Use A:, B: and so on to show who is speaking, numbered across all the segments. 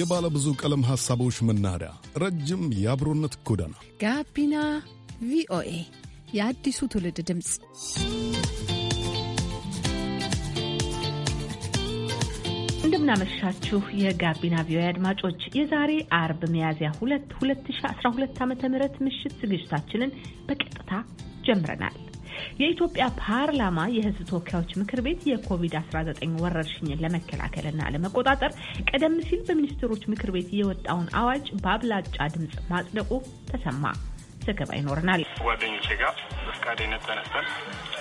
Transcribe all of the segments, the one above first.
A: የባለ ብዙ ቀለም ሐሳቦች መናኸሪያ፣ ረጅም የአብሮነት ጎዳና
B: ጋቢና ቪኦኤ የአዲሱ ትውልድ ድምፅ። እንደምናመሻችሁ የጋቢና ቪኦኤ አድማጮች የዛሬ አርብ ሚያዝያ 2 2012 ዓ ም ምሽት ዝግጅታችንን በቀጥታ ጀምረናል። የኢትዮጵያ ፓርላማ የህዝብ ተወካዮች ምክር ቤት የኮቪድ-19 ወረርሽኝን ለመከላከልና ለመቆጣጠር ቀደም ሲል በሚኒስትሮች ምክር ቤት የወጣውን አዋጅ በአብላጫ ድምፅ ማጽደቁ ተሰማ። ዘገባ ይኖረናል።
C: ጓደኞቼ ጋር በፍቃደኝነት ተነስተን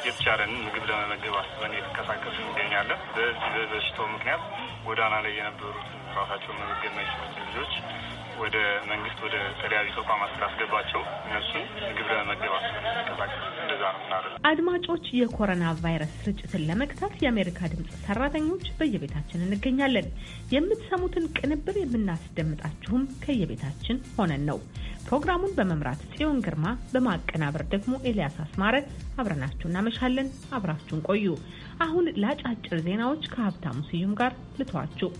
C: የተቻለንን ምግብ ለመመገብ አስበን የተንቀሳቀስ እንገኛለን። በዚህ በበሽታው ምክንያት ጎዳና ላይ የነበሩት ራሳቸውን መመገብ ማይችሉት ልጆች ወደ መንግስት ወደ ተለያዩ ተቋማት ስላስገባቸው እነሱን ምግብ ለመመገብ
B: አድማጮች የኮሮና ቫይረስ ስርጭትን ለመግታት የአሜሪካ ድምፅ ሰራተኞች በየቤታችን እንገኛለን። የምትሰሙትን ቅንብር የምናስደምጣችሁም ከየቤታችን ሆነን ነው። ፕሮግራሙን በመምራት ጽዮን ግርማ፣ በማቀናበር ደግሞ ኤልያስ አስማረ አብረናችሁ እናመሻለን። አብራችሁን ቆዩ። አሁን ለአጫጭር ዜናዎች ከሀብታሙ ስዩም ጋር ልተዋችሁ።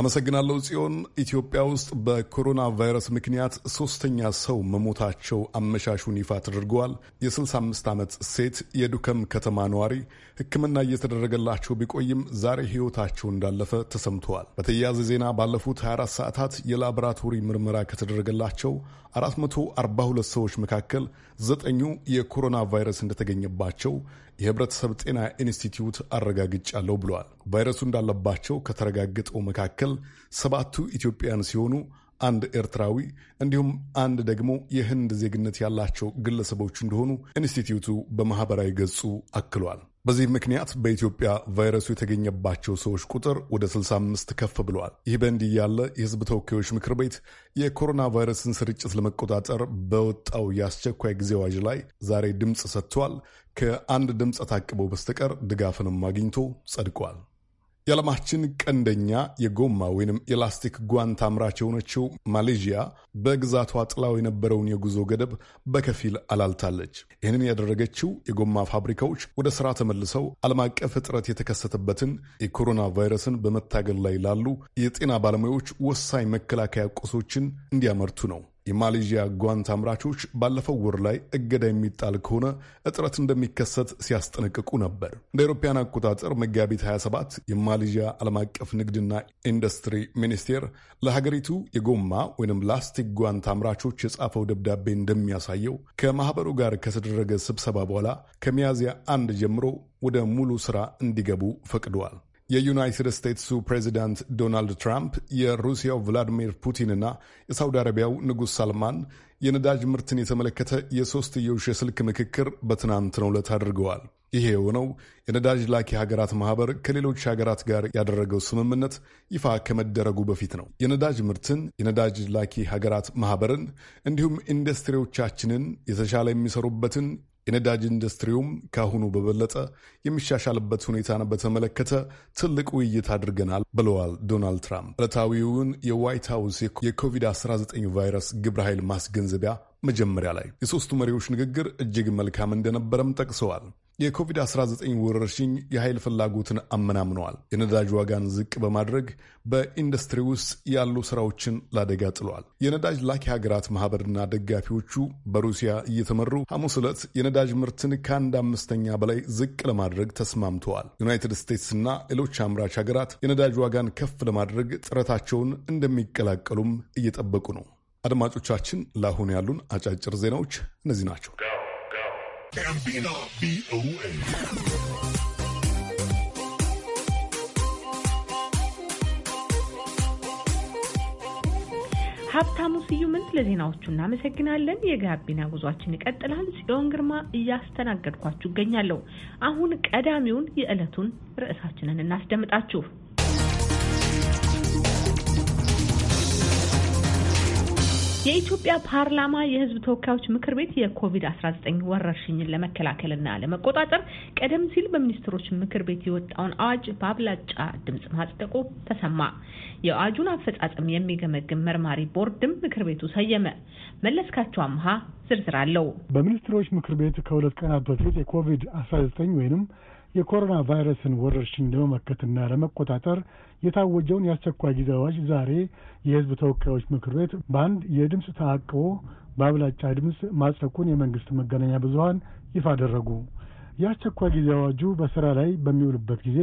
A: አመሰግናለሁ ጽዮን። ኢትዮጵያ ውስጥ በኮሮና ቫይረስ ምክንያት ሶስተኛ ሰው መሞታቸው አመሻሹን ይፋ ተደርገዋል። የ65 ዓመት ሴት የዱከም ከተማ ነዋሪ ሕክምና እየተደረገላቸው ቢቆይም ዛሬ ሕይወታቸው እንዳለፈ ተሰምተዋል። በተያያዘ ዜና ባለፉት 24 ሰዓታት የላቦራቶሪ ምርመራ ከተደረገላቸው 442 ሰዎች መካከል ዘጠኙ የኮሮና ቫይረስ እንደተገኘባቸው የህብረተሰብ ጤና ኢንስቲትዩት አረጋግጫለሁ ብለዋል። ቫይረሱ እንዳለባቸው ከተረጋገጠው መካከል ሰባቱ ኢትዮጵያን ሲሆኑ አንድ ኤርትራዊ እንዲሁም አንድ ደግሞ የህንድ ዜግነት ያላቸው ግለሰቦች እንደሆኑ ኢንስቲትዩቱ በማህበራዊ ገጹ አክሏል። በዚህ ምክንያት በኢትዮጵያ ቫይረሱ የተገኘባቸው ሰዎች ቁጥር ወደ 65 ከፍ ብለዋል። ይህ በእንዲህ ያለ የሕዝብ ተወካዮች ምክር ቤት የኮሮና ቫይረስን ስርጭት ለመቆጣጠር በወጣው የአስቸኳይ ጊዜ አዋጅ ላይ ዛሬ ድምፅ ሰጥቷል። ከአንድ ድምፅ ታቅበው በስተቀር ድጋፍንም አግኝቶ ጸድቋል። የዓለማችን ቀንደኛ የጎማ ወይንም የላስቲክ ጓንት አምራች የሆነችው ማሌዥያ በግዛቷ ጥላው የነበረውን የጉዞ ገደብ በከፊል አላልታለች። ይህንን ያደረገችው የጎማ ፋብሪካዎች ወደ ሥራ ተመልሰው ዓለም አቀፍ እጥረት የተከሰተበትን የኮሮና ቫይረስን በመታገል ላይ ላሉ የጤና ባለሙያዎች ወሳኝ መከላከያ ቁሶችን እንዲያመርቱ ነው። የማሌዥያ ጓንት አምራቾች ባለፈው ወር ላይ እገዳ የሚጣል ከሆነ እጥረት እንደሚከሰት ሲያስጠነቅቁ ነበር። እንደ አውሮፓውያን አቆጣጠር መጋቢት 27 የማሌዥያ ዓለም አቀፍ ንግድና ኢንዱስትሪ ሚኒስቴር ለሀገሪቱ የጎማ ወይም ላስቲክ ጓንት አምራቾች የጻፈው ደብዳቤ እንደሚያሳየው ከማኅበሩ ጋር ከተደረገ ስብሰባ በኋላ ከሚያዝያ አንድ ጀምሮ ወደ ሙሉ ሥራ እንዲገቡ ፈቅደዋል። የዩናይትድ ስቴትሱ ፕሬዚዳንት ዶናልድ ትራምፕ የሩሲያው ቭላዲሚር ፑቲንና የሳውዲ አረቢያው ንጉሥ ሳልማን የነዳጅ ምርትን የተመለከተ የሦስትዮሽ የስልክ ምክክር በትናንትናው ዕለት አድርገዋል። ይሄ የሆነው የነዳጅ ላኪ ሀገራት ማህበር ከሌሎች ሀገራት ጋር ያደረገው ስምምነት ይፋ ከመደረጉ በፊት ነው። የነዳጅ ምርትን፣ የነዳጅ ላኪ ሀገራት ማህበርን እንዲሁም ኢንዱስትሪዎቻችንን የተሻለ የሚሰሩበትን የነዳጅ ኢንዱስትሪውም ከአሁኑ በበለጠ የሚሻሻልበት ሁኔታን በተመለከተ ትልቅ ውይይት አድርገናል ብለዋል ዶናልድ ትራምፕ። ዕለታዊውን የዋይት ሃውስ የኮቪድ-19 ቫይረስ ግብረ ኃይል ማስገንዘቢያ መጀመሪያ ላይ የሦስቱ መሪዎች ንግግር እጅግ መልካም እንደነበረም ጠቅሰዋል። የኮቪድ-19 ወረርሽኝ የኃይል ፍላጎትን አመናምነዋል። የነዳጅ ዋጋን ዝቅ በማድረግ በኢንዱስትሪ ውስጥ ያሉ ስራዎችን ላደጋ ጥሏል። የነዳጅ ላኪ ሀገራት ማህበርና ደጋፊዎቹ በሩሲያ እየተመሩ ሐሙስ ዕለት የነዳጅ ምርትን ከአንድ አምስተኛ በላይ ዝቅ ለማድረግ ተስማምተዋል። ዩናይትድ ስቴትስና ሌሎች አምራች ሀገራት የነዳጅ ዋጋን ከፍ ለማድረግ ጥረታቸውን እንደሚቀላቀሉም እየጠበቁ ነው። አድማጮቻችን፣ ለአሁን ያሉን አጫጭር ዜናዎች እነዚህ ናቸው።
D: ጋቢና ቪኦኤ
B: ሀብታሙ ስዩምን ለዜናዎቹ እናመሰግናለን። የጋቢና ጉዟችን ይቀጥላል። ጽዮን ግርማ እያስተናገድኳችሁ እገኛለሁ። አሁን ቀዳሚውን የዕለቱን ርዕሳችንን እናስደምጣችሁ። የኢትዮጵያ ፓርላማ የሕዝብ ተወካዮች ምክር ቤት የኮቪድ-19 ወረርሽኝን ለመከላከልና ለመቆጣጠር ቀደም ሲል በሚኒስትሮች ምክር ቤት የወጣውን አዋጅ በአብላጫ ድምፅ ማጽደቁ ተሰማ። የአዋጁን አፈጻጸም የሚገመግም መርማሪ ቦርድም ምክር ቤቱ ሰየመ። መለስካቸው አምሃ ዝርዝር አለው።
E: በሚኒስትሮች ምክር ቤት ከሁለት ቀናት በፊት የኮቪድ-19 ወይንም የኮሮና ቫይረስን ወረርሽኝ ለመመከትና ለመቆጣጠር የታወጀውን የአስቸኳይ ጊዜ አዋጅ ዛሬ የሕዝብ ተወካዮች ምክር ቤት በአንድ የድምፅ ተአቅቦ በአብላጫ ድምፅ ማጽደቁን የመንግሥት መገናኛ ብዙሀን ይፋ አደረጉ። የአስቸኳይ ጊዜ አዋጁ በሥራ ላይ በሚውልበት ጊዜ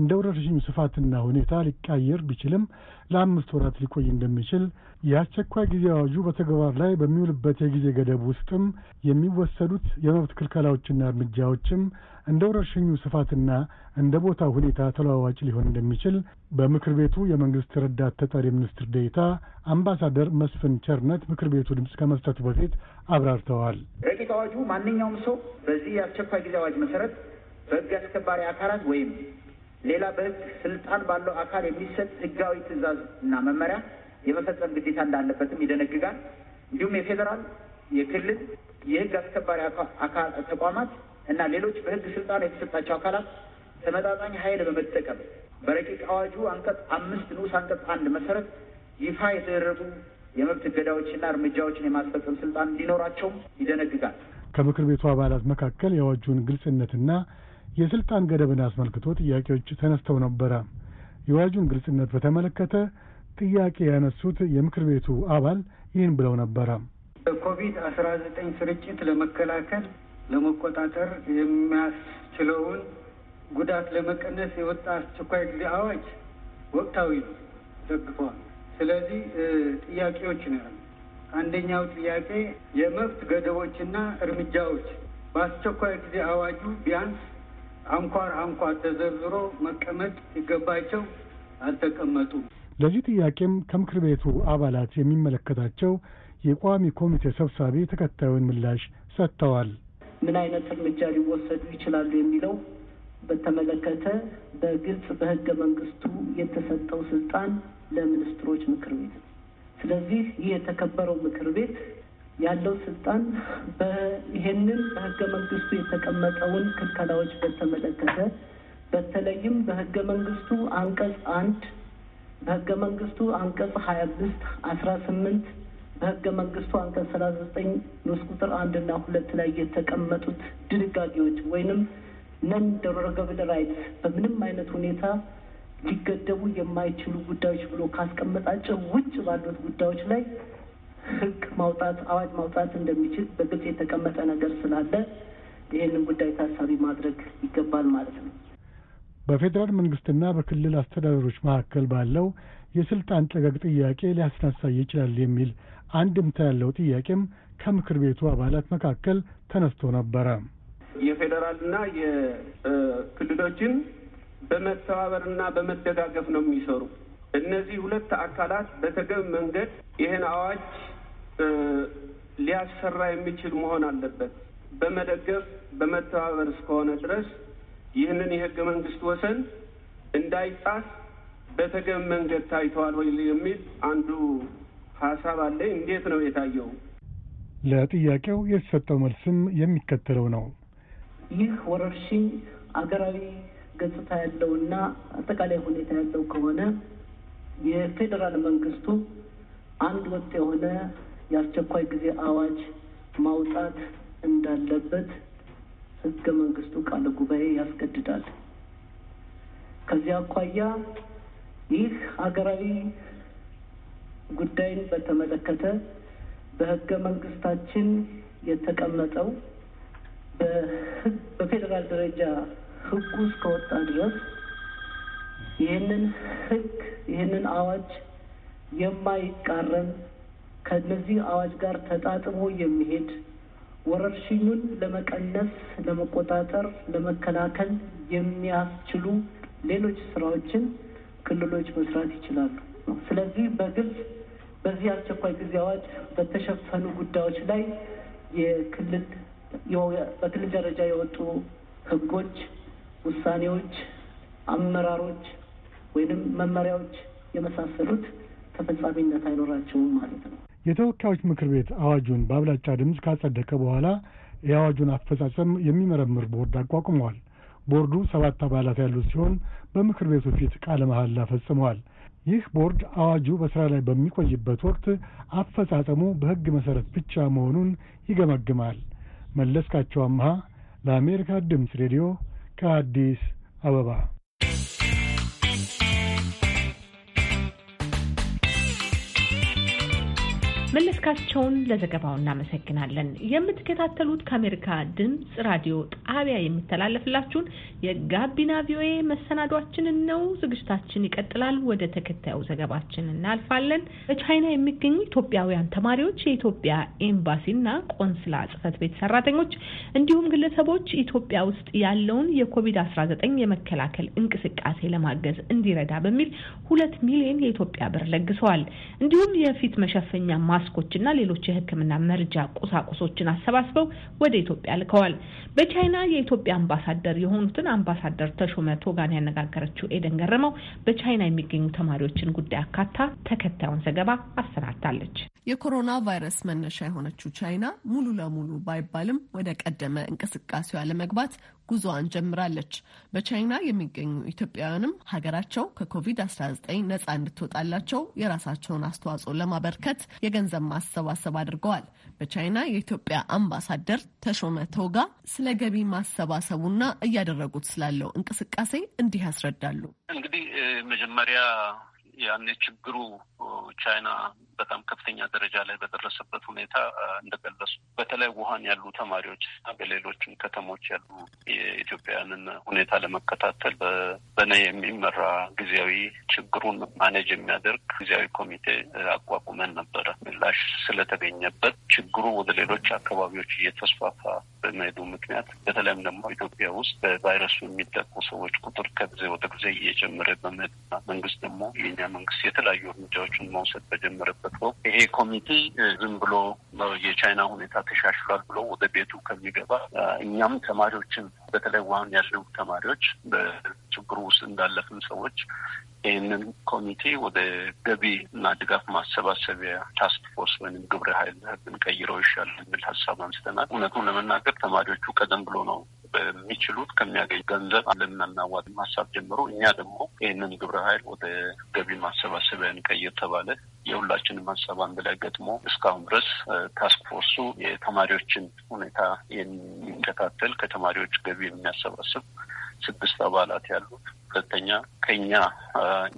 E: እንደ ወረርሽኙ ስፋትና ሁኔታ ሊቃየር ቢችልም ለአምስት ወራት ሊቆይ እንደሚችል የአስቸኳይ ጊዜ አዋጁ በተግባር ላይ በሚውልበት የጊዜ ገደብ ውስጥም የሚወሰዱት የመብት ክልከላዎችና እርምጃዎችም እንደ ወረርሽኙ ስፋትና እንደ ቦታው ሁኔታ ተለዋዋጭ ሊሆን እንደሚችል በምክር ቤቱ የመንግስት ረዳት ተጠሪ ሚኒስትር ዴኤታ አምባሳደር መስፍን ቸርነት ምክር ቤቱ ድምፅ ከመስጠቱ በፊት አብራርተዋል።
F: ረቂቅ አዋጁ ማንኛውም ሰው በዚህ የአስቸኳይ ጊዜ አዋጅ መሰረት በህግ አስከባሪ አካላት ወይም ሌላ በህግ ስልጣን ባለው አካል የሚሰጥ ህጋዊ ትእዛዝ እና መመሪያ የመፈጸም ግዴታ እንዳለበትም ይደነግጋል። እንዲሁም የፌዴራል፣ የክልል የህግ አስከባሪ ተቋማት እና ሌሎች በህግ ስልጣን የተሰጣቸው አካላት ተመጣጣኝ ኃይል በመጠቀም በረቂቅ አዋጁ አንቀጽ አምስት ንዑስ አንቀጽ አንድ መሰረት ይፋ የተደረጉ የመብት እገዳዎችና እርምጃዎችን
G: የማስፈጸም ስልጣን እንዲኖራቸውም ይደነግጋል።
E: ከምክር ቤቱ አባላት መካከል የአዋጁን ግልጽነትና የስልጣን ገደብን አስመልክቶ ጥያቄዎች ተነስተው ነበረ። የአዋጁን ግልጽነት በተመለከተ ጥያቄ ያነሱት የምክር ቤቱ አባል ይህን ብለው ነበረ።
F: ኮቪድ አስራ ዘጠኝ ስርጭት ለመከላከል ለመቆጣጠር
E: የሚያስችለውን ጉዳት ለመቀነስ የወጣ አስቸኳይ ጊዜ አዋጅ ወቅታዊ ነው፣ ደግፈዋል። ስለዚህ ጥያቄዎች ነው ያሉ። አንደኛው ጥያቄ የመብት ገደቦችና እርምጃዎች በአስቸኳይ ጊዜ አዋጁ ቢያንስ አንኳር አንኳር ተዘርዝሮ መቀመጥ ሲገባቸው አልተቀመጡም። ለዚህ ጥያቄም ከምክር ቤቱ አባላት የሚመለከታቸው የቋሚ ኮሚቴ ሰብሳቢ ተከታዩን ምላሽ ሰጥተዋል።
F: ምን አይነት እርምጃ ሊወሰዱ ይችላሉ የሚለው በተመለከተ በግልጽ በህገ መንግስቱ የተሰጠው ስልጣን ለሚኒስትሮች ምክር ቤት ነው። ስለዚህ ይህ የተከበረው ምክር ቤት ያለው ስልጣን ይሄንን በህገ መንግስቱ የተቀመጠውን ክልከላዎች በተመለከተ በተለይም በህገ መንግስቱ አንቀጽ አንድ በህገ መንግስቱ አንቀጽ ሀያ አምስት አስራ ስምንት በህገ መንግስቱ አንቀጽ ሰላሳ ዘጠኝ ንዑስ ቁጥር አንድና ሁለት ላይ የተቀመጡት ድንጋጌዎች ወይንም ነን ደሮረገብል ራይትስ በምንም አይነት ሁኔታ ሊገደቡ የማይችሉ ጉዳዮች ብሎ ካስቀመጣቸው ውጭ ባሉት ጉዳዮች ላይ ህግ ማውጣት አዋጅ ማውጣት እንደሚችል በግልጽ የተቀመጠ ነገር ስላለ ይህንን ጉዳይ ታሳቢ ማድረግ ይገባል ማለት ነው።
E: በፌዴራል መንግስትና በክልል አስተዳደሮች መካከል ባለው የስልጣን ጠገግ ጥያቄ ሊያስነሳ ይችላል የሚል አንድምታ ያለው ጥያቄም ከምክር ቤቱ አባላት መካከል ተነስቶ ነበረ።
H: የፌዴራልና የክልሎችን በመተባበርና በመደጋገፍ ነው የሚሰሩ። እነዚህ ሁለት አካላት በተገቢ መንገድ ይህን አዋጅ ሊያሰራ የሚችል መሆን አለበት። በመደገፍ በመተባበር
G: እስከሆነ ድረስ ይህንን የህገ መንግስት ወሰን እንዳይጣስ በተገብ መንገድ ታይተዋል ወይ የሚል አንዱ ሀሳብ አለ። እንዴት ነው የታየው?
E: ለጥያቄው የተሰጠው መልስም የሚከተለው ነው።
G: ይህ
F: ወረርሽኝ አገራዊ ገጽታ ያለው እና አጠቃላይ ሁኔታ ያለው ከሆነ የፌዴራል መንግስቱ አንድ ወጥ የሆነ የአስቸኳይ ጊዜ አዋጅ ማውጣት እንዳለበት ህገ መንግስቱ ቃለ ጉባኤ ያስገድዳል። ከዚህ አኳያ ይህ ሀገራዊ ጉዳይን በተመለከተ በህገ መንግስታችን የተቀመጠው በፌዴራል ደረጃ ህጉ እስከወጣ ድረስ ይህንን ህግ ይህንን አዋጅ የማይቃረን ከነዚህ አዋጅ ጋር ተጣጥሞ የሚሄድ ወረርሽኙን ለመቀነስ፣ ለመቆጣጠር፣ ለመከላከል የሚያስችሉ ሌሎች ስራዎችን ክልሎች መስራት ይችላሉ። ስለዚህ በግልጽ በዚህ አስቸኳይ ጊዜ አዋጅ በተሸፈኑ ጉዳዮች ላይ የክልል በክልል ደረጃ የወጡ ህጎች፣ ውሳኔዎች፣ አመራሮች ወይንም መመሪያዎች የመሳሰሉት ተፈጻሚነት አይኖራቸውም ማለት ነው።
E: የተወካዮች ምክር ቤት አዋጁን በአብላጫ ድምፅ ካጸደቀ በኋላ የአዋጁን አፈጻጸም የሚመረምር ቦርድ አቋቁመዋል። ቦርዱ ሰባት አባላት ያሉት ሲሆን በምክር ቤቱ ፊት ቃለ መሐላ ፈጽመዋል። ይህ ቦርድ አዋጁ በሥራ ላይ በሚቆይበት ወቅት አፈጻጸሙ በሕግ መሠረት ብቻ መሆኑን ይገመግማል። መለስካቸው አምሃ ለአሜሪካ ድምፅ ሬዲዮ ከአዲስ አበባ
B: መለስካቸውን ለዘገባው እናመሰግናለን። የምትከታተሉት ከአሜሪካ ድምፅ ራዲዮ ጣቢያ የሚተላለፍላችሁን የጋቢና ቪኦኤ መሰናዷችንን ነው። ዝግጅታችን ይቀጥላል። ወደ ተከታዩ ዘገባችን እናልፋለን። በቻይና የሚገኙ ኢትዮጵያውያን ተማሪዎች፣ የኢትዮጵያ ኤምባሲና ቆንስላ ጽህፈት ቤት ሰራተኞች እንዲሁም ግለሰቦች ኢትዮጵያ ውስጥ ያለውን የኮቪድ-19 የመከላከል እንቅስቃሴ ለማገዝ እንዲረዳ በሚል ሁለት ሚሊዮን የኢትዮጵያ ብር ለግሰዋል። እንዲሁም የፊት መሸፈኛ ማስኮችና ሌሎች የሕክምና መርጃ ቁሳቁሶችን አሰባስበው ወደ ኢትዮጵያ ልከዋል። በቻይና የኢትዮጵያ አምባሳደር የሆኑትን አምባሳደር ተሾመ ቶጋን ያነጋገረችው ኤደን ገረመው በቻይና የሚገኙ ተማሪዎችን ጉዳይ አካታ ተከታዩን ዘገባ አሰናድታለች።
I: የኮሮና ቫይረስ መነሻ የሆነችው ቻይና ሙሉ ለሙሉ ባይባልም ወደ ቀደመ እንቅስቃሴዋ ለመግባት ጉዞዋን ጀምራለች። በቻይና የሚገኙ ኢትዮጵያውያንም ሀገራቸው ከኮቪድ-19 ነጻ እንድትወጣላቸው የራሳቸውን አስተዋጽኦ ለማበርከት የገንዘብ ማሰባሰብ አድርገዋል። በቻይና የኢትዮጵያ አምባሳደር ተሾመ ቶጋ ስለ ገቢ ማሰባሰቡና እያደረጉት ስላለው እንቅስቃሴ እንዲህ ያስረዳሉ።
H: እንግዲህ መጀመሪያ ያኔ ችግሩ ቻይና በጣም ከፍተኛ ደረጃ ላይ በደረሰበት ሁኔታ እንደገለጹ በተለይ ውሃን ያሉ ተማሪዎች እና በሌሎችም ከተሞች ያሉ የኢትዮጵያውያንን ሁኔታ ለመከታተል በነ የሚመራ ጊዜያዊ ችግሩን ማኔጅ የሚያደርግ ጊዜያዊ ኮሚቴ አቋቁመን ነበረ። ምላሽ ስለተገኘበት ችግሩ ወደ ሌሎች አካባቢዎች እየተስፋፋ በመሄዱ ምክንያት በተለይም ደግሞ ኢትዮጵያ ውስጥ በቫይረሱ የሚጠቁ ሰዎች ቁጥር ከጊዜ ወደ ጊዜ እየጨመረ በመሄድና መንግስት ደግሞ የኛ መንግስት የተለያዩ እርምጃዎችን መውሰድ መውሰድ በጀመረበት ወቅት ይሄ ኮሚቴ ዝም ብሎ የቻይና ሁኔታ ተሻሽሏል ብሎ ወደ ቤቱ ከሚገባ እኛም ተማሪዎችን በተለይ ዋን ያለው ተማሪዎች በችግሩ ውስጥ እንዳለፍን ሰዎች ይህንን ኮሚቴ ወደ ገቢ እና ድጋፍ ማሰባሰቢያ ታስክ ፎርስ ወይም ግብረ ኃይል ብንቀይረው ይሻል የሚል ሀሳብ አንስተናል። እውነቱን ለመናገር ተማሪዎቹ ቀደም ብሎ ነው በሚችሉት ከሚያገኝ ገንዘብ ለምናናዋጥ ማሳብ ጀምሮ እኛ ደግሞ ይህንን ግብረ ኃይል ወደ ገቢ ማሰባሰቢያ እንቀይር ተባለ። የሁላችንም ሀሳብ አንድ ላይ ገጥሞ እስካሁን ድረስ ታስክ ፎርሱ የተማሪዎችን ሁኔታ የሚከታተል ከተማሪዎች ገቢ የሚያሰባስብ ስድስት አባላት ያሉት ሁለተኛ ከኛ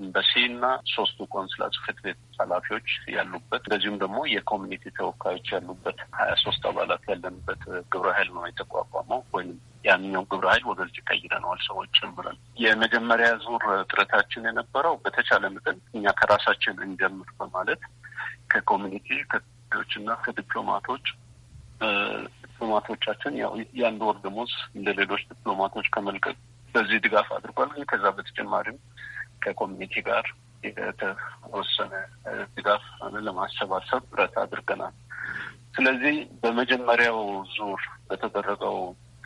H: ኤምባሲ እና ሶስቱ ቆንስላ ጽሕፈት ቤት ኃላፊዎች ያሉበት እንደዚሁም ደግሞ የኮሚኒቲ ተወካዮች ያሉበት ሀያ ሶስት አባላት ያለንበት ግብረ ኃይል ነው የተቋቋመው። ወይም ያንኛው ግብረ ኃይል ወደዚህ ቀይረነዋል ሰዎችን ብለን የመጀመሪያ ዙር ጥረታችን የነበረው በተቻለ መጠን እኛ ከራሳችን እንጀምር በማለት ከኮሚኒቲ ከዎች እና ከዲፕሎማቶች ዲፕሎማቶቻችን ያው የአንድ ወር ደሞዝ እንደ ሌሎች ዲፕሎማቶች ከመልቀቅ በዚህ ድጋፍ አድርጓል። ግን ከዛ በተጨማሪም ከኮሚኒቲ ጋር የተወሰነ ድጋፍ ለማሰባሰብ ጥረት አድርገናል። ስለዚህ በመጀመሪያው ዙር በተደረገው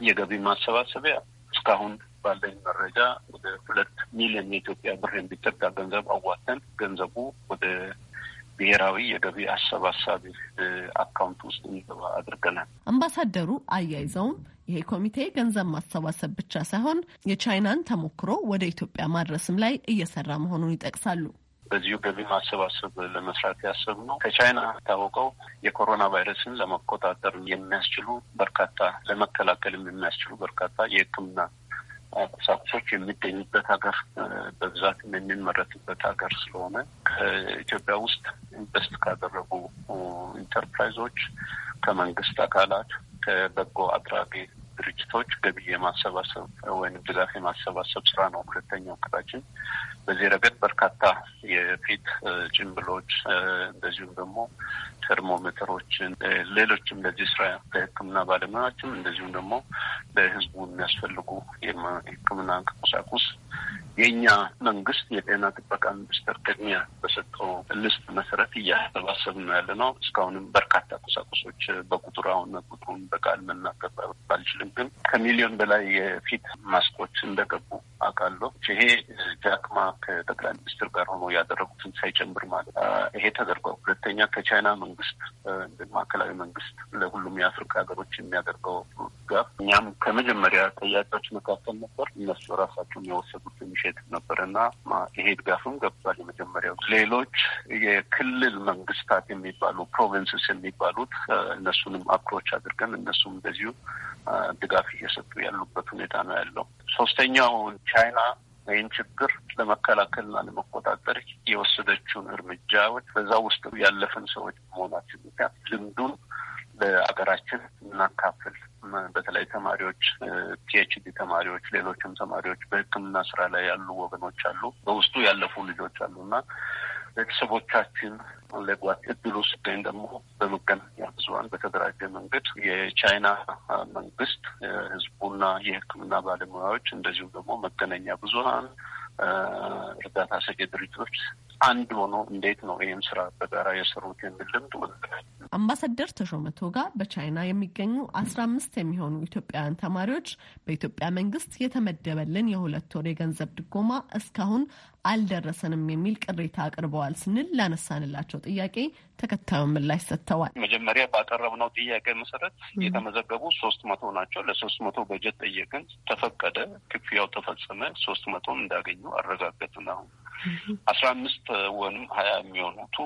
H: የገቢ ማሰባሰቢያ እስካሁን ባለኝ መረጃ ወደ ሁለት ሚሊዮን የኢትዮጵያ ብር የሚጠጋ ገንዘብ አዋተን ገንዘቡ ወደ ብሔራዊ የገቢ አሰባሳቢ አካውንት ውስጥ እንገባ አድርገናል።
I: አምባሳደሩ አያይዘውም ይሄ ኮሚቴ ገንዘብ ማሰባሰብ ብቻ ሳይሆን የቻይናን ተሞክሮ ወደ ኢትዮጵያ ማድረስም ላይ እየሰራ መሆኑን ይጠቅሳሉ።
H: በዚሁ ገቢ ማሰባሰብ ለመስራት ያሰብ ነው። ከቻይና ታወቀው የኮሮና ቫይረስን ለመቆጣጠር የሚያስችሉ በርካታ ለመከላከልም የሚያስችሉ በርካታ የሕክምና ቁሳቁሶች የሚገኙበት ሀገር በብዛትም የሚመረትበት ሀገር ስለሆነ ከኢትዮጵያ ውስጥ ኢንቨስት ካደረጉ ኢንተርፕራይዞች፣ ከመንግስት አካላት፣ ከበጎ አድራጊ ድርጅቶች ገቢ የማሰባሰብ ወይም ድጋፍ የማሰባሰብ ስራ ነው ሁለተኛው እቅዳችን። በዚህ ረገድ በርካታ የፊት ጭንብሎች እንደዚሁም ደግሞ ተርሞሜተሮችን፣ ሌሎችም ለዚህ ስራ በህክምና ባለሙያዎችም እንደዚሁም ደግሞ ለህዝቡ የሚያስፈልጉ የህክምና ቁሳቁስ የእኛ መንግስት የጤና ጥበቃ ሚኒስቴር ቅድሚያ በሰጠው ልስት መሰረት እያሰባሰብ ነው ያለ ነው። እስካሁንም በርካታ ቁሳቁሶች በቁጥር አሁን ቁጥሩን በቃል መናገር ባልችልም፣ ግን ከሚሊዮን በላይ የፊት ማስኮች እንደገቡ አውቃለሁ። ይሄ ጃክማ ከጠቅላይ ሚኒስትር ጋር ሆኖ ያደረጉትን ሳይጨምር ማለት ይሄ ተደርጓል። ሁለተኛ ከቻይና መንግስት ማዕከላዊ መንግስት ለሁሉም የአፍሪካ ሀገሮች የሚያደርገው ጋር እኛም ከመጀመሪያ ጠያቂዎች መካከል ነበር። እነሱ ራሳቸውን የወሰዱት ትንሽ የትም ነበር ይሄ ድጋፍም ገብቷል። የመጀመሪያው ሌሎች የክልል መንግስታት የሚባሉ ፕሮቪንስስ የሚባሉት እነሱንም አፕሮች አድርገን እነሱም እንደዚሁ ድጋፍ እየሰጡ ያሉበት ሁኔታ ነው ያለው። ሶስተኛው ቻይና ይህን ችግር ለመከላከልና ለመቆጣጠር የወሰደችውን እርምጃዎች በዛ ውስጥ ያለፍን ሰዎች መሆናችን ምክንያት ልምዱን ለአገራችን እናካፍል በተለይ ተማሪዎች፣ ፒኤችዲ ተማሪዎች፣ ሌሎችም ተማሪዎች በሕክምና ስራ ላይ ያሉ ወገኖች አሉ፣ በውስጡ ያለፉ ልጆች አሉ እና ቤተሰቦቻችን ለጓት እድሉ ስገኝ ደግሞ በመገናኛ ብዙኃን በተደራጀ መንገድ የቻይና መንግስት ህዝቡና የህክምና ባለሙያዎች እንደዚሁም ደግሞ መገናኛ ብዙሃን እርዳታ ሰጪ ድርጅቶች አንድ ሆኖ እንዴት ነው ይህም ስራ በጋራ የሰሩት የሚል ልምድ
I: አምባሳደር ተሾመ ቶጋ በቻይና የሚገኙ አስራ አምስት የሚሆኑ ኢትዮጵያውያን ተማሪዎች በኢትዮጵያ መንግስት የተመደበልን የሁለት ወር የገንዘብ ድጎማ እስካሁን አልደረሰንም የሚል ቅሬታ አቅርበዋል ስንል ላነሳንላቸው ጥያቄ ተከታዩን ምላሽ ሰጥተዋል።
H: መጀመሪያ ባቀረብነው ጥያቄ መሰረት የተመዘገቡ ሶስት መቶ ናቸው። ለሶስት መቶ በጀት ጠየቅን፣ ተፈቀደ፣ ክፍያው ተፈጸመ። ሶስት መቶም እንዳገኙ አረጋገጥን። አሁን አስራ አምስት ወይም ሀያ የሚሆኑቱ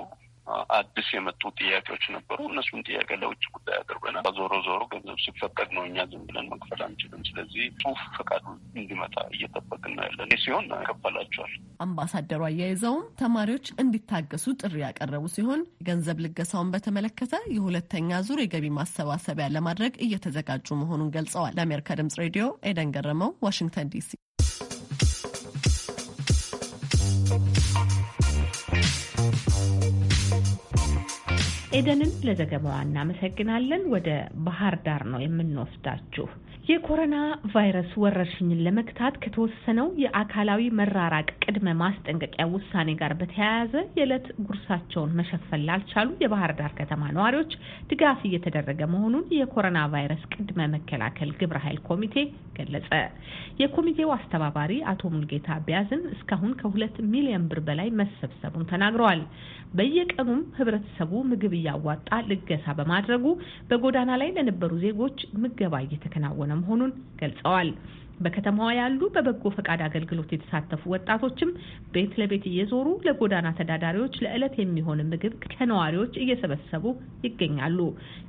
H: አዲስ የመጡ ጥያቄዎች ነበሩ። እነሱን ጥያቄ ለውጭ ጉዳይ አቅርበናል። ዞሮ ዞሮ ገንዘብ ሲፈቀድ ነው፣ እኛ ዝም ብለን መክፈል አንችልም። ስለዚህ ጽሁፍ ፈቃዱ እንዲመጣ እየጠበቅን ነው ያለን ሲሆን ይከፈላቸዋል።
I: አምባሳደሩ አያይዘውም ተማሪዎች እንዲታገሱ ጥሪ ያቀረቡ ሲሆን ገንዘብ ልገሳውን በተመለከተ የሁለተኛ ዙር የገቢ ማሰባሰቢያ ለማድረግ እየተዘጋጁ መሆኑን ገልጸዋል። ለአሜሪካ ድምጽ ሬዲዮ ኤደን ገረመው፣ ዋሽንግተን ዲሲ ኤደንን ለዘገባዋ
B: እናመሰግናለን። ወደ ባህር ዳር ነው የምንወስዳችሁ። የኮሮና ቫይረስ ወረርሽኝን ለመግታት ከተወሰነው የአካላዊ መራራቅ ቅድመ ማስጠንቀቂያ ውሳኔ ጋር በተያያዘ የዕለት ጉርሳቸውን መሸፈን ላልቻሉ የባህር ዳር ከተማ ነዋሪዎች ድጋፍ እየተደረገ መሆኑን የኮሮና ቫይረስ ቅድመ መከላከል ግብረ ኃይል ኮሚቴ ገለጸ። የኮሚቴው አስተባባሪ አቶ ሙልጌታ ቢያዝን እስካሁን ከሁለት ሚሊዮን ብር በላይ መሰብሰቡን ተናግረዋል። በየቀኑም ህብረተሰቡ ምግብ እያዋጣ ልገሳ በማድረጉ በጎዳና ላይ ለነበሩ ዜጎች ምገባ እየተከናወነ መሆኑን ገልጸዋል። በከተማዋ ያሉ በበጎ ፈቃድ አገልግሎት የተሳተፉ ወጣቶችም ቤት ለቤት እየዞሩ ለጎዳና ተዳዳሪዎች ለዕለት የሚሆን ምግብ ከነዋሪዎች እየሰበሰቡ ይገኛሉ።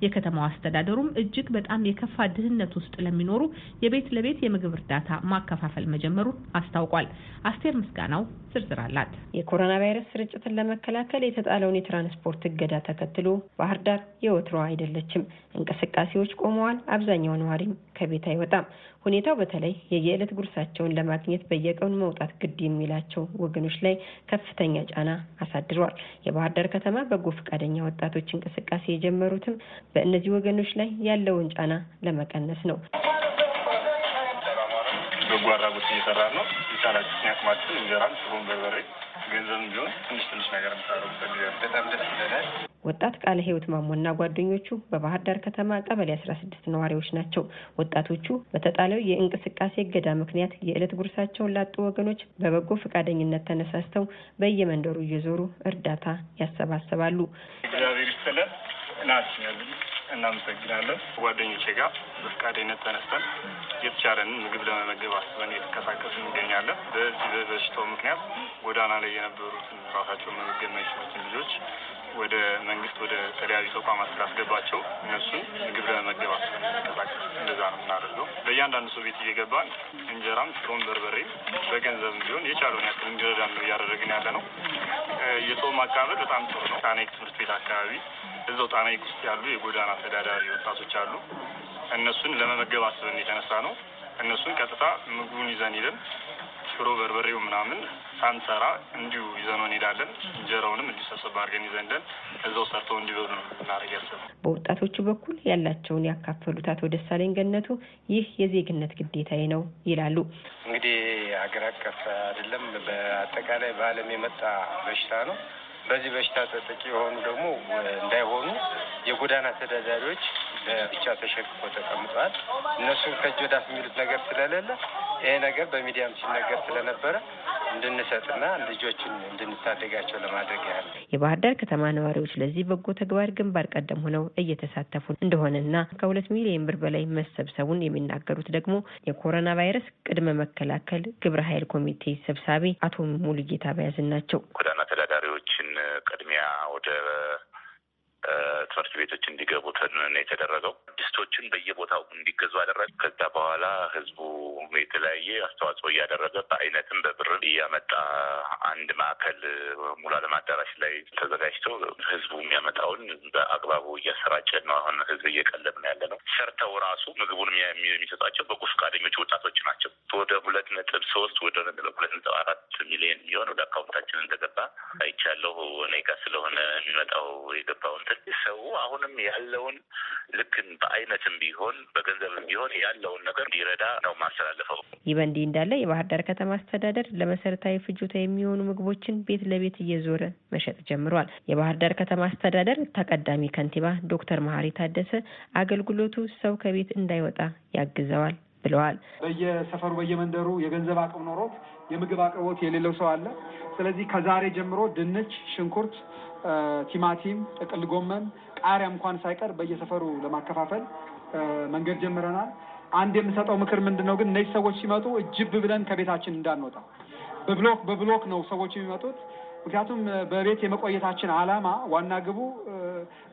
B: የከተማዋ አስተዳደሩም እጅግ በጣም የከፋ ድህነት ውስጥ ለሚኖሩ የቤት ለቤት የምግብ
J: እርዳታ ማከፋፈል መጀመሩን አስታውቋል። አስቴር ምስጋናው ዝርዝር አላት። የኮሮና ቫይረስ ስርጭትን ለመከላከል የተጣለውን የትራንስፖርት እገዳ ተከትሎ ባህር ዳር የወትሮ አይደለችም። እንቅስቃሴዎች ቆመዋል። አብዛኛው ነዋሪም ከቤት አይወጣም። ሁኔታው በተለይ የየዕለት ጉርሳቸውን ለማግኘት በየቀኑ መውጣት ግድ የሚላቸው ወገኖች ላይ ከፍተኛ ጫና አሳድሯል። የባህር ዳር ከተማ በጎ ፈቃደኛ ወጣቶች እንቅስቃሴ የጀመሩትም በእነዚህ ወገኖች ላይ ያለውን ጫና ለመቀነስ ነው።
C: በጎ አድራጎት እየሰራ ነው። የቻላችሁትን ያክማችሁን እንጀራም፣ ሽሮም፣ በርበሬ ገንዘብም ቢሆን ትንሽ ትንሽ ነገር የምታደርጉበት ጊዜ በጣም ደስ ይለናል።
J: ወጣት ቃለ ሕይወት ማሞና ጓደኞቹ በባህር ዳር ከተማ ቀበሌ 16 ነዋሪዎች ናቸው። ወጣቶቹ በተጣለው የእንቅስቃሴ እገዳ ምክንያት የዕለት ጉርሳቸውን ላጡ ወገኖች በበጎ ፈቃደኝነት ተነሳስተው በየመንደሩ እየዞሩ እርዳታ ያሰባስባሉ። እግዚአብሔር
C: ይስጥልን እናመሰግናለን። ጓደኞቼ ጋር በፍቃደኝነት ተነስተን የተቻለንን ምግብ ለመመገብ አስበን የተንቀሳቀስን እንገኛለን። በዚህ በበሽታው ምክንያት ጎዳና ላይ የነበሩትን ራሳቸውን መመገብ የማይችሉትን ልጆች ወደ መንግስት ወደ ተለያዩ ተቋማት ስላስገባቸው እነሱን ምግብ ለመመገብ አስቀሳቀስ እንደዛ ነው የምናደርገው። በእያንዳንዱ ሰው ቤት እየገባን እንጀራም ጾም በርበሬ በገንዘብ ቢሆን የቻለውን ያክል እንዲረዳን ነው እያደረግን ያለ ነው። የጾም ማካፈል በጣም ጥሩ ነው። ጣናይክ ትምህርት ቤት አካባቢ እዛው ጣናይክ ውስጥ ያሉ የጎዳና ተዳዳሪ ወጣቶች አሉ። እነሱን ለመመገብ አስበን የተነሳ ነው። እነሱን ቀጥታ ምግቡን ይዘን ይልን ሽሮ በርበሬው ምናምን ሳንሰራ እንዲሁ ይዘነው እንሄዳለን። እንጀራውንም እንዲሰሰብ አድርገን ይዘንደን እዛው ሰርተው እንዲበሉ ነው እናደርግ ያሰብ
J: በወጣቶቹ በኩል ያላቸውን ያካፈሉት አቶ ደሳለኝ ገነቱ ይህ የዜግነት ግዴታዬ ነው ይላሉ።
C: እንግዲህ አገር አቀፍ አይደለም፣ በአጠቃላይ በዓለም የመጣ በሽታ ነው። በዚህ በሽታ ተጠቂ የሆኑ ደግሞ እንዳይሆኑ የጎዳና ተዳዳሪዎች ብቻ ተሸክፎ ተቀምጠዋል። እነሱ ከእጅ ወዳፍ የሚሉት ነገር ስለሌለ ይሄ ነገር በሚዲያም ሲነገር ስለነበረ እንድንሰጥና ልጆችን እንድንታደጋቸው ለማድረግ ያህል
J: የባህር ዳር ከተማ ነዋሪዎች ለዚህ በጎ ተግባር ግንባር ቀደም ሆነው እየተሳተፉ እንደሆነና ከሁለት ሚሊዮን ብር በላይ መሰብሰቡን የሚናገሩት ደግሞ የኮሮና ቫይረስ ቅድመ መከላከል ግብረ ኃይል ኮሚቴ ሰብሳቢ አቶ ሙሉጌታ በያዝን ናቸው። ጎዳና
C: ተዳዳሪዎችን ቅድሚያ ወደ ትምህርት ቤቶች እንዲገቡ የተደረገው ድስቶችን በየቦታው እንዲገዙ አደረገ። ከዛ በኋላ ህዝቡ የተለያየ አስተዋጽኦ እያደረገ በአይነትም በብር
D: እያመጣ አንድ ማዕከል ሙሉ ዓለም አዳራሽ ላይ ተዘጋጅቶ ህዝቡ የሚያመጣውን በአግባቡ እያሰራጨ ነው።
C: አሁን ህዝብ እየቀለብ ነው ያለ ነው። ሰርተው ራሱ ምግቡን የሚሰጣቸው በጎ ፈቃደኞች ወጣቶች ናቸው። ወደ ሁለት ነጥብ ሶስት ወደ ሁለት ነጥብ አራት ሚሊዮን የሚሆን ወደ አካውንታችን እንደገባ አይቻለሁ። እኔ ስለሆነ የሚመጣው የገባውን ስለዚህ ሰው አሁንም ያለውን ልክን በአይነትም ቢሆን በገንዘብም ቢሆን ያለውን ነገር እንዲረዳ ነው ማስተላለፈው።
J: ይህ በእንዲህ እንዳለ የባህር ዳር ከተማ አስተዳደር ለመሰረታዊ ፍጆታ የሚሆኑ ምግቦችን ቤት ለቤት እየዞረ መሸጥ ጀምሯል። የባህር ዳር ከተማ አስተዳደር ተቀዳሚ ከንቲባ ዶክተር መሀሪ ታደሰ አገልግሎቱ ሰው ከቤት እንዳይወጣ ያግዘዋል ብለዋል።
G: በየሰፈሩ በየመንደሩ የገንዘብ አቅም ኖሮት የምግብ አቅርቦት የሌለው ሰው አለ። ስለዚህ ከዛሬ ጀምሮ ድንች፣ ሽንኩርት ቲማቲም፣ ጥቅል ጎመን፣ ቃሪያ እንኳን ሳይቀር በየሰፈሩ ለማከፋፈል መንገድ ጀምረናል። አንድ የምሰጠው ምክር ምንድን ነው ግን እነዚህ ሰዎች ሲመጡ እጅብ ብለን ከቤታችን እንዳንወጣ። በብሎክ በብሎክ ነው ሰዎች የሚመጡት። ምክንያቱም በቤት የመቆየታችን አላማ ዋና ግቡ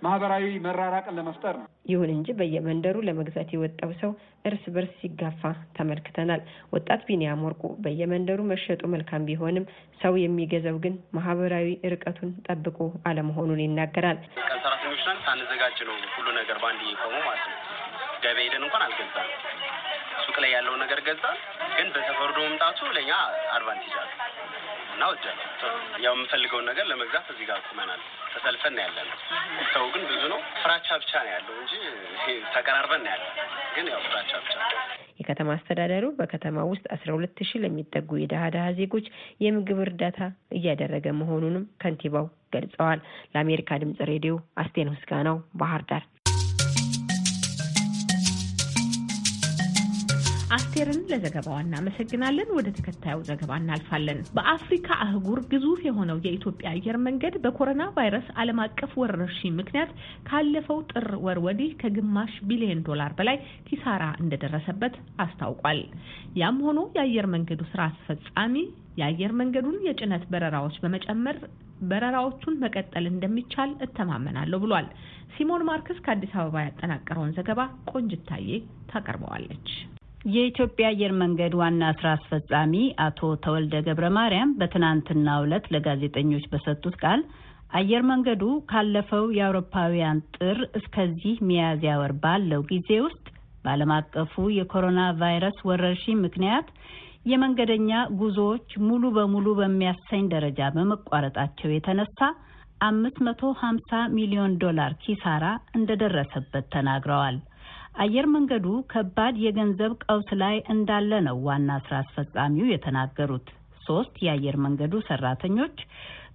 G: ማህበራዊ መራራቅን ለመፍጠር ነው።
J: ይሁን እንጂ በየመንደሩ ለመግዛት የወጣው ሰው እርስ በርስ ሲጋፋ ተመልክተናል። ወጣት ቢኒያም ወርቁ በየመንደሩ መሸጡ መልካም ቢሆንም ሰው የሚገዛው ግን ማህበራዊ ርቀቱን ጠብቆ አለመሆኑን ይናገራል።
K: ቀን ሰራተኞች ሳንዘጋጅ ነው ሁሉ ነገር በአንድ ቆሞ ማለት ነው። ገበያ ሄደን እንኳን አልገዛም ሱቅ ላይ ያለውን ነገር ገዛ፣ ግን በተፈርዶ መምጣቱ ለእኛ አድቫንቴጅ አለ እና ወደነው ያው የምፈልገውን ነገር ለመግዛት እዚህ ጋር ቁመናል። ተሰልፈን ያለ ነው። ሰው ግን ብዙ ነው። ፍራቻ ብቻ ነው ያለው እንጂ ተቀራርበን ያለ ግን ያው ፍራቻ ብቻ
J: የከተማ አስተዳደሩ በከተማ ውስጥ አስራ ሁለት ሺህ ለሚጠጉ የደሀ ዜጎች የምግብ እርዳታ እያደረገ መሆኑንም ከንቲባው ገልጸዋል። ለአሜሪካ ድምጽ ሬዲዮ አስቴን ምስጋናው ባህር ዳር
B: አስቴርን ለዘገባዋ እናመሰግናለን። ወደ ተከታዩ ዘገባ እናልፋለን። በአፍሪካ አህጉር ግዙፍ የሆነው የኢትዮጵያ አየር መንገድ በኮሮና ቫይረስ ዓለም አቀፍ ወረርሽኝ ምክንያት ካለፈው ጥር ወር ወዲህ ከግማሽ ቢሊዮን ዶላር በላይ ኪሳራ እንደደረሰበት አስታውቋል። ያም ሆኖ የአየር መንገዱ ስራ አስፈጻሚ የአየር መንገዱን የጭነት በረራዎች በመጨመር በረራዎቹን መቀጠል እንደሚቻል እተማመናለሁ ብሏል። ሲሞን ማርክስ ከአዲስ አበባ ያጠናቀረውን ዘገባ ቆንጅታዬ ታቀርበዋለች።
D: የኢትዮጵያ አየር መንገድ ዋና ስራ አስፈጻሚ አቶ ተወልደ ገብረ ማርያም በትናንትናው ዕለት ለጋዜጠኞች በሰጡት ቃል አየር መንገዱ ካለፈው የአውሮፓውያን ጥር እስከዚህ ሚያዝያ ወር ባለው ጊዜ ውስጥ በዓለም አቀፉ የኮሮና ቫይረስ ወረርሽኝ ምክንያት የመንገደኛ ጉዞዎች ሙሉ በሙሉ በሚያሰኝ ደረጃ በመቋረጣቸው የተነሳ አምስት መቶ ሀምሳ ሚሊዮን ዶላር ኪሳራ እንደደረሰበት ተናግረዋል። አየር መንገዱ ከባድ የገንዘብ ቀውስ ላይ እንዳለ ነው ዋና ስራ አስፈጻሚው የተናገሩት። ሶስት የአየር መንገዱ ሰራተኞች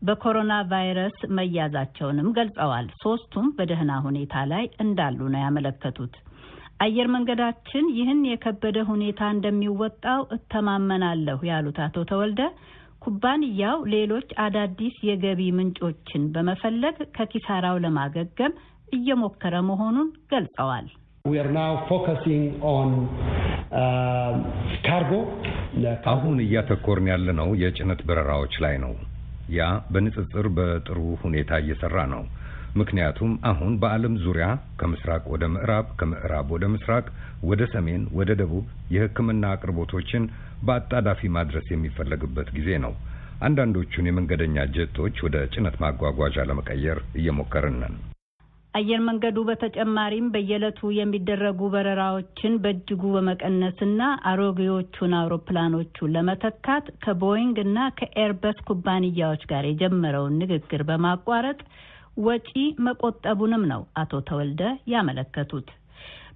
D: በኮሮና ቫይረስ መያዛቸውንም ገልጸዋል። ሶስቱም በደህና ሁኔታ ላይ እንዳሉ ነው ያመለከቱት። አየር መንገዳችን ይህን የከበደ ሁኔታ እንደሚወጣው እተማመናለሁ ያሉት አቶ ተወልደ ኩባንያው ሌሎች አዳዲስ የገቢ ምንጮችን በመፈለግ ከኪሳራው ለማገገም እየሞከረ መሆኑን
K: ገልጸዋል። Uh,
L: አሁን እያተኮርን ያለነው የጭነት በረራዎች ላይ ነው። ያ በንጽጽር በጥሩ ሁኔታ እየሰራ ነው። ምክንያቱም አሁን በዓለም ዙሪያ ከምስራቅ ወደ ምዕራብ፣ ከምዕራብ ወደ ምስራቅ፣ ወደ ሰሜን፣ ወደ ደቡብ የሕክምና አቅርቦቶችን በአጣዳፊ ማድረስ የሚፈለግበት ጊዜ ነው። አንዳንዶቹን የመንገደኛ ጀቶች ወደ ጭነት ማጓጓዣ ለመቀየር እየሞከርን ነን።
D: አየር መንገዱ በተጨማሪም በየዕለቱ የሚደረጉ በረራዎችን በእጅጉ በመቀነስና አሮጌዎቹን አውሮፕላኖቹን ለመተካት ከቦይንግ እና ከኤርበስ ኩባንያዎች ጋር የጀመረውን ንግግር በማቋረጥ ወጪ መቆጠቡንም ነው አቶ ተወልደ ያመለከቱት።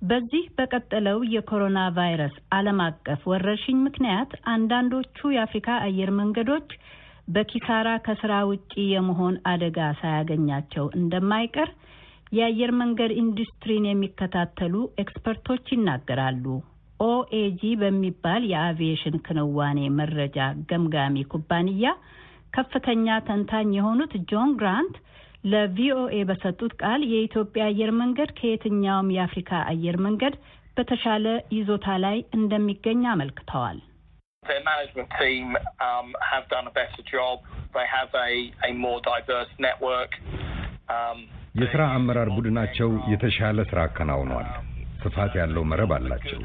D: በዚህ በቀጠለው የኮሮና ቫይረስ ዓለም አቀፍ ወረርሽኝ ምክንያት አንዳንዶቹ የአፍሪካ አየር መንገዶች በኪሳራ ከስራ ውጪ የመሆን አደጋ ሳያገኛቸው እንደማይቀር የአየር መንገድ ኢንዱስትሪን የሚከታተሉ ኤክስፐርቶች ይናገራሉ። ኦኤጂ በሚባል የአቪዬሽን ክንዋኔ መረጃ ገምጋሚ ኩባንያ ከፍተኛ ተንታኝ የሆኑት ጆን ግራንት ለቪኦኤ በሰጡት ቃል የኢትዮጵያ አየር መንገድ ከየትኛውም የአፍሪካ አየር መንገድ በተሻለ ይዞታ ላይ እንደሚገኝ አመልክተዋል።
L: የሥራ አመራር ቡድናቸው የተሻለ ሥራ አከናውኗል። ስፋት ያለው መረብ አላቸው።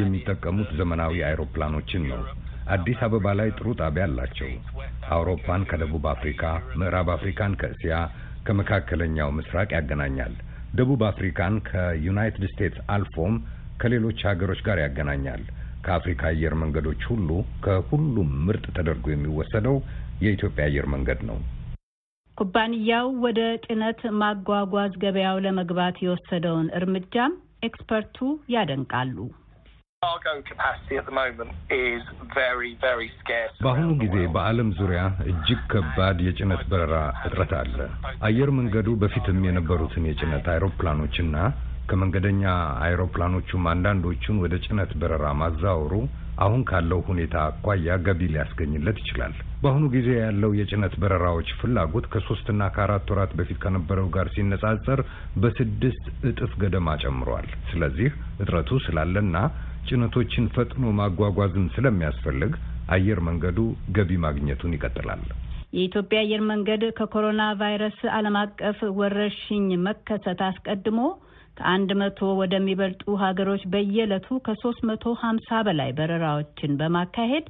L: የሚጠቀሙት ዘመናዊ አይሮፕላኖችን ነው። አዲስ አበባ ላይ ጥሩ ጣቢያ አላቸው። አውሮፓን ከደቡብ አፍሪካ፣ ምዕራብ አፍሪካን ከእስያ፣ ከመካከለኛው ምስራቅ ያገናኛል። ደቡብ አፍሪካን ከዩናይትድ ስቴትስ አልፎም ከሌሎች ሀገሮች ጋር ያገናኛል። ከአፍሪካ አየር መንገዶች ሁሉ ከሁሉም ምርጥ ተደርጎ የሚወሰደው የኢትዮጵያ አየር መንገድ ነው።
D: ኩባንያው ወደ ጭነት ማጓጓዝ ገበያው ለመግባት የወሰደውን እርምጃም ኤክስፐርቱ ያደንቃሉ።
L: በአሁኑ ጊዜ በዓለም ዙሪያ እጅግ ከባድ የጭነት በረራ እጥረት አለ። አየር መንገዱ በፊትም የነበሩትን የጭነት አይሮፕላኖችና ከመንገደኛ አይሮፕላኖቹም አንዳንዶቹን ወደ ጭነት በረራ ማዛወሩ አሁን ካለው ሁኔታ አኳያ ገቢ ሊያስገኝለት ይችላል። በአሁኑ ጊዜ ያለው የጭነት በረራዎች ፍላጎት ከሶስትና ከአራት ወራት በፊት ከነበረው ጋር ሲነጻጸር በስድስት እጥፍ ገደማ ጨምሯል። ስለዚህ እጥረቱ ስላለና ጭነቶችን ፈጥኖ ማጓጓዝም ስለሚያስፈልግ አየር መንገዱ ገቢ ማግኘቱን ይቀጥላል።
D: የኢትዮጵያ አየር መንገድ ከኮሮና ቫይረስ ዓለም አቀፍ ወረርሽኝ መከሰት አስቀድሞ ከአንድ መቶ ወደሚበልጡ ሀገሮች በየዕለቱ ከሶስት መቶ ሀምሳ በላይ በረራዎችን በማካሄድ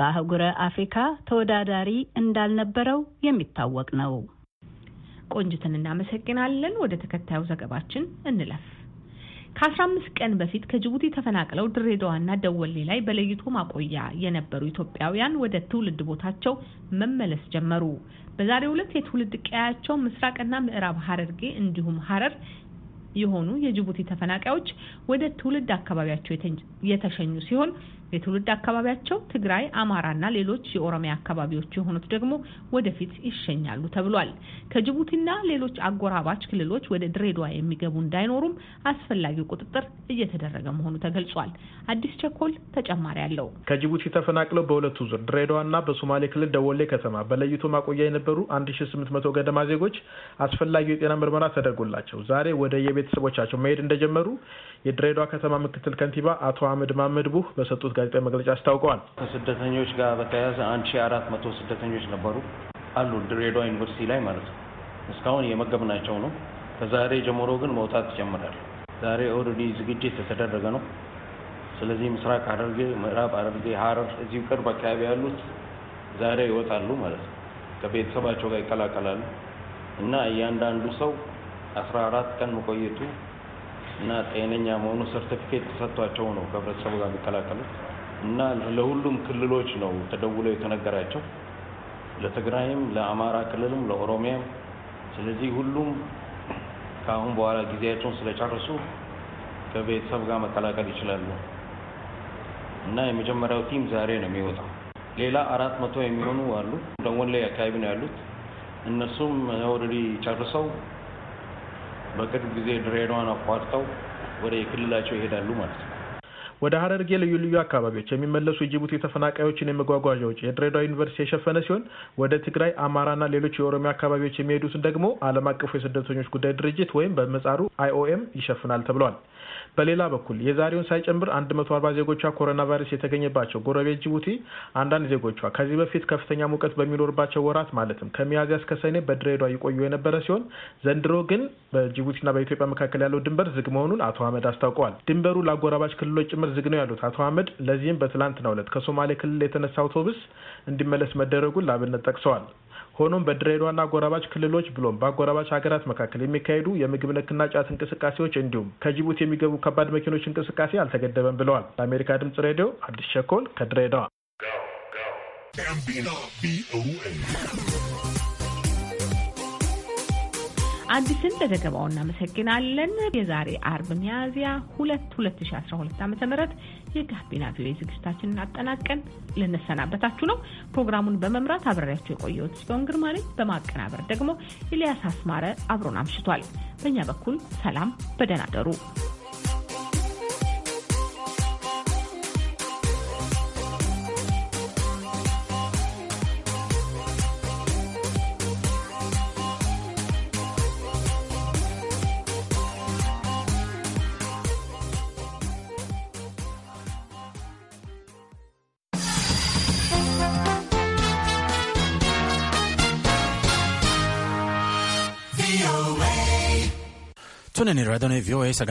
D: በአህጉረ አፍሪካ ተወዳዳሪ እንዳልነበረው የሚታወቅ ነው። ቆንጅትን እናመሰግናለን። ወደ ተከታዩ ዘገባችን እንለፍ።
B: ከ15 ቀን በፊት ከጅቡቲ ተፈናቅለው ድሬዳዋና ደወሌ ላይ በለይቶ ማቆያ የነበሩ ኢትዮጵያውያን ወደ ትውልድ ቦታቸው መመለስ ጀመሩ። በዛሬው ዕለት የትውልድ ቀያቸው ምስራቅና ምዕራብ ሐረርጌ እንዲሁም ሀረር ። የሆኑ የጅቡቲ ተፈናቃዮች ወደ ትውልድ አካባቢያቸው የተሸኙ ሲሆን የትውልድ አካባቢያቸው ትግራይ፣ አማራና ሌሎች የኦሮሚያ አካባቢዎች የሆኑት ደግሞ ወደፊት ይሸኛሉ ተብሏል። ከጅቡቲና ሌሎች አጎራባች ክልሎች ወደ ድሬዳዋ የሚገቡ እንዳይኖሩም አስፈላጊው ቁጥጥር እየተደረገ መሆኑ ተገልጿል። አዲስ ቸኮል ተጨማሪ አለው።
G: ከጅቡቲ ተፈናቅለው በሁለቱ ዙር ድሬዳዋና በሶማሌ ክልል ደወሌ ከተማ በለይቶ ማቆያ የነበሩ 1800 ገደማ ዜጎች አስፈላጊው የጤና ምርመራ ተደርጎላቸው ዛሬ ወደ የቤተሰቦቻቸው መሄድ እንደጀመሩ የድሬዳዋ ከተማ ምክትል ከንቲባ አቶ አህመድ ማመድ ቡህ በሰጡት ጋዜጣዊ መግለጫ አስታውቀዋል።
K: ከስደተኞች ጋር በተያያዘ አንድ ሺ አራት መቶ ስደተኞች ነበሩ አሉ ድሬዳዋ ዩኒቨርሲቲ ላይ ማለት ነው። እስካሁን የመገብናቸው ነው። ከዛሬ ጀምሮ ግን መውጣት ይጀምራል። ዛሬ ኦልሬዲ ዝግጅት የተደረገ ነው። ስለዚህ ምስራቅ ሐረርጌ፣ ምዕራብ ሐረርጌ፣ ሐረር እዚሁ ቅርብ አካባቢ ያሉት ዛሬ ይወጣሉ ማለት ነው። ከቤተሰባቸው ጋር ይቀላቀላሉ እና እያንዳንዱ ሰው አስራ አራት ቀን መቆየቱ እና ጤነኛ መሆኑ ሰርቲፊኬት ተሰጥቷቸው ነው ከህብረተሰቡ ጋር የሚቀላቀሉት። እና ለሁሉም ክልሎች ነው ተደውሎ የተነገራቸው ለትግራይም፣ ለአማራ ክልልም፣ ለኦሮሚያም። ስለዚህ ሁሉም ከአሁን በኋላ ጊዜያቸውን ስለጨርሱ ከቤተሰብ ጋር መቀላቀል ይችላሉ እና የመጀመሪያው ቲም ዛሬ ነው የሚወጣው። ሌላ አራት መቶ የሚሆኑ አሉ ደወን ላይ አካባቢ ነው ያሉት። እነሱም ኦልሬዲ ጨርሰው በቅርብ ጊዜ ድሬዳዋን አቋርጠው ወደ የክልላቸው ይሄዳሉ ማለት ነው።
G: ወደ ሀረርጌ ልዩ ልዩ አካባቢዎች የሚመለሱ የጅቡቲ ተፈናቃዮችን የመጓጓዣ ወጪ የድሬዳዋ ዩኒቨርሲቲ የሸፈነ ሲሆን ወደ ትግራይ፣ አማራና ሌሎች የኦሮሚያ አካባቢዎች የሚሄዱትን ደግሞ ዓለም አቀፉ የስደተኞች ጉዳይ ድርጅት ወይም በምህጻሩ አይኦኤም ይሸፍናል ተብሏል። በሌላ በኩል የዛሬውን ሳይጨምር 140 ዜጎቿ ኮሮና ቫይረስ የተገኘባቸው ጎረቤት ጅቡቲ አንዳንድ ዜጎቿ ከዚህ በፊት ከፍተኛ ሙቀት በሚኖርባቸው ወራት ማለትም ከሚያዝያ እስከ ሰኔ በድሬዳዋ ይቆዩ የነበረ ሲሆን ዘንድሮ ግን በጅቡቲና በኢትዮጵያ መካከል ያለው ድንበር ዝግ መሆኑን አቶ አህመድ አስታውቀዋል። ድንበሩ ለአጎራባች ክልሎች ጭምር ዝግ ነው ያሉት አቶ አህመድ ለዚህም በትላንትናው ዕለት ከሶማሌ ክልል የተነሳ አውቶቡስ እንዲመለስ መደረጉን ለአብነት ጠቅሰዋል። ሆኖም በድሬዳዋና አጎራባች ክልሎች ብሎም በአጎራባች ሀገራት መካከል የሚካሄዱ የምግብ ነክና ጫት እንቅስቃሴዎች እንዲሁም ከጅቡቲ የሚገቡ ከባድ መኪኖች እንቅስቃሴ አልተገደበም ብለዋል። ለአሜሪካ ድምጽ ሬዲዮ አዲስ ቸኮል ከድሬዳዋ።
B: አዲስን ለዘገባው እናመሰግናለን። የዛሬ አርብ ሚያዝያ 2 2012 ዓ ም የጋቢና ቪኦኤ ዝግጅታችንን አጠናቀን ልንሰናበታችሁ ነው። ፕሮግራሙን በመምራት አብሬያችሁ የቆየሁት ጽዮን ግርማ ነኝ። በማቀናበር ደግሞ ኤልያስ አስማረ አብሮን አምሽቷል። በእኛ በኩል ሰላም፣ በደህና ደሩ።
G: Hii ni Radhon VOA